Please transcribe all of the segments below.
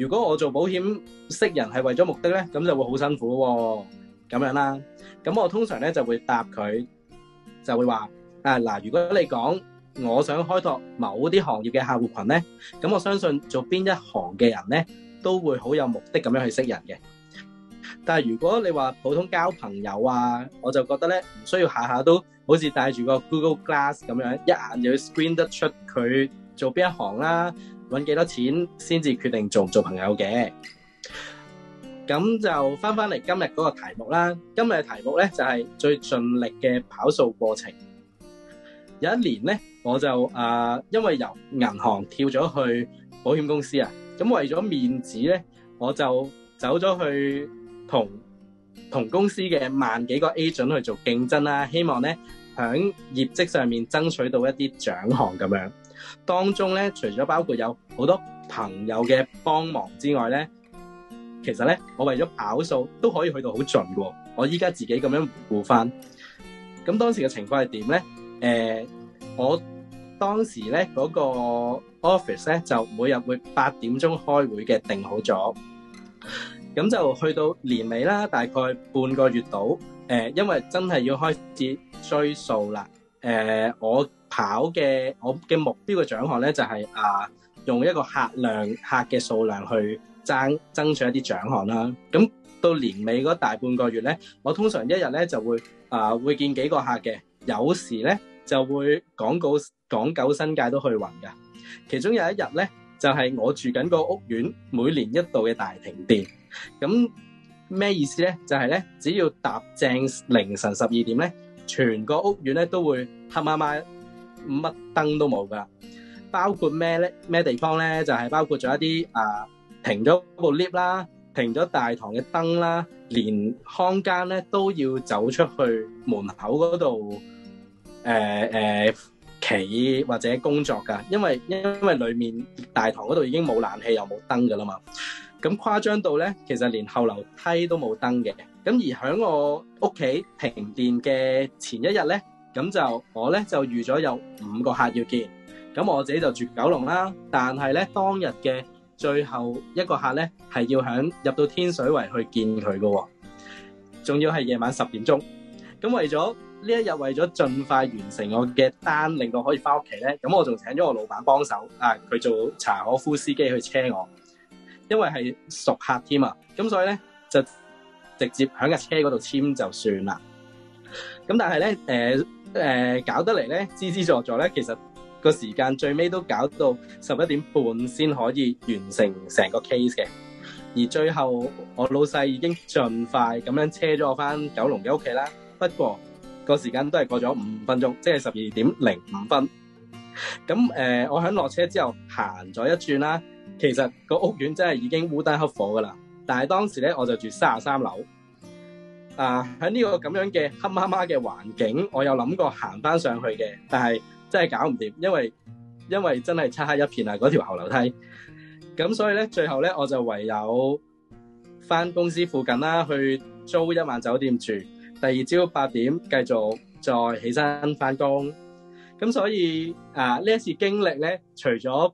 如果我做保險識人係為咗目的咧，咁就會好辛苦喎、哦，咁樣啦、啊。咁我通常咧就會答佢，就會話：啊嗱，如果你講我想開拓某啲行業嘅客戶群咧，咁我相信做邊一行嘅人咧，都會好有目的咁樣去識人嘅。但係如果你話普通交朋友啊，我就覺得咧唔需要下下都好似戴住個 Google Glass 咁樣一眼就要 screen 得出佢做邊一行啦。搵幾多錢先至決定做唔做朋友嘅？咁就返返嚟今日嗰個題目啦。今日嘅題目咧就係、是、最盡力嘅跑數過程。有一年咧，我就啊、呃，因為由銀行跳咗去保險公司啊，咁為咗面子咧，我就走咗去同同公司嘅萬幾個 agent 去做競爭啦，希望咧，喺業績上面爭取到一啲獎項咁樣，當中咧，除咗包括有好多朋友嘅幫忙之外咧，其實咧，我為咗跑數都可以去到好盡嘅。我依家自己咁樣回顧翻。咁當時嘅情況係點咧？誒、呃，我當時咧嗰、嗰個 office 咧就每日會八點鐘開會嘅，定好咗。咁就去到年尾啦，大概半個月度誒、呃，因為真係要開始追數啦，誒、呃，我跑嘅我嘅目標嘅獎項咧就係、是、啊，用一個客量客嘅數量去爭爭取一啲獎項啦。咁到年尾嗰大半個月咧，我通常一日咧就會啊、呃、會見幾個客嘅，有時咧就會港九新界都去勻㗎。其中有一日咧就係、是、我住緊個屋苑每年一度嘅大停電，咁咩意思咧？就係、是、咧只要搭正凌晨十二點咧，全個屋苑咧都會黑麻麻，乜燈都冇噶，包括咩咧咩地方咧，就係、是、包括咗一啲啊、呃、停咗部 lift 啦，停咗大堂嘅燈啦，連康間咧都要走出去門口嗰度誒誒企或者工作噶，因為因因為裡面大堂嗰度已經冇冷氣又冇燈噶啦嘛，咁誇張到咧，其實連後樓梯都冇燈嘅。咁而喺我屋企停電嘅前一日咧，咁就我咧就預咗有五個客要見，咁我自己就住九龍啦。但係咧，當日嘅最後一個客咧係要響入到天水圍去見佢嘅，仲要係夜晚十點鐘。咁為咗呢一日，為咗盡快完成我嘅單，令到可以翻屋企咧，咁我仲請咗我老闆幫手啊，佢做查可夫司機去車我，因為係熟客添啊，咁所以咧就。直接喺架車嗰度簽就算啦。咁但係咧，誒、呃、誒，搞得嚟咧，支支助助咧，其實個時間最尾都搞到十一點半先可以完成成個 case 嘅。而最後我老細已經盡快咁樣車咗我返九龍嘅屋企啦。不過個時間都係過咗五分鐘，即係十二點零五分。咁誒、呃，我喺落車之後行咗一轉啦，其實個屋苑真係已經烏燈黑火噶啦。但係當時咧，我就住三十三樓，啊，喺呢個咁樣嘅黑麻麻嘅環境，我有諗過行翻上去嘅，但係真係搞唔掂，因為因為真係漆黑一片啊！嗰條後樓梯，咁所以咧，最後咧，我就唯有翻公司附近啦，去租一晚酒店住，第二朝八點繼續再起身翻工，咁所以啊，呢一次經歷咧，除咗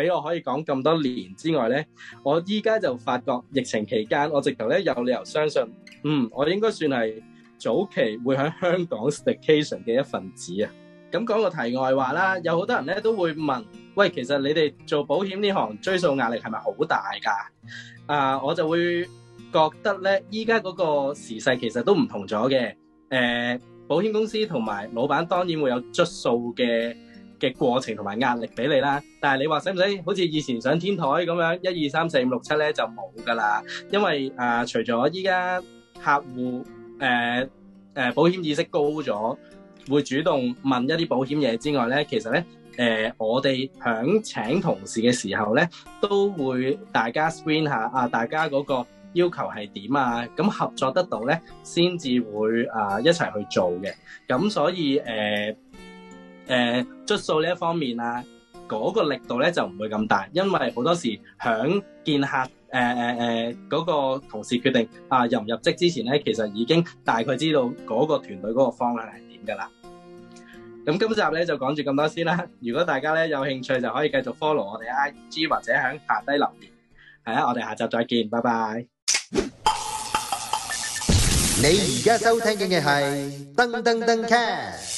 俾我可以講咁多年之外咧，我依家就發覺疫情期間，我直頭咧有理由相信，嗯，我哋應該算係早期會喺香港 staycation 嘅一份子啊！咁講個題外話啦，有好多人咧都會問，喂，其實你哋做保險呢行追數壓力係咪好大噶？啊、呃，我就會覺得咧，依家嗰個時勢其實都唔同咗嘅。誒、呃，保險公司同埋老闆當然會有追數嘅。嘅過程同埋壓力俾你啦，但係你話使唔使好似以前上天台咁樣一二三四五六七咧，就冇噶啦，因為誒、呃、除咗依家客戶誒誒保險意識高咗，會主動問一啲保險嘢之外咧，其實咧誒、呃、我哋響請同事嘅時候咧，都會大家 screen 下啊，大家嗰個要求係點啊，咁合作得到咧，先至會啊、呃、一齊去做嘅，咁所以誒。呃誒，出數呢一方面啊，嗰個力度咧就唔會咁大，因為好多時響見客誒誒誒嗰個同事決定啊入唔入職之前咧，其實已經大概知道嗰個團隊嗰個方向係點噶啦。咁今集咧就講住咁多先啦。如果大家咧有興趣，就可以繼續 follow 我哋 IG 或者響下低留言。係啊，我哋下集再見，拜拜。你而家收聽嘅係噔噔噔 Cat。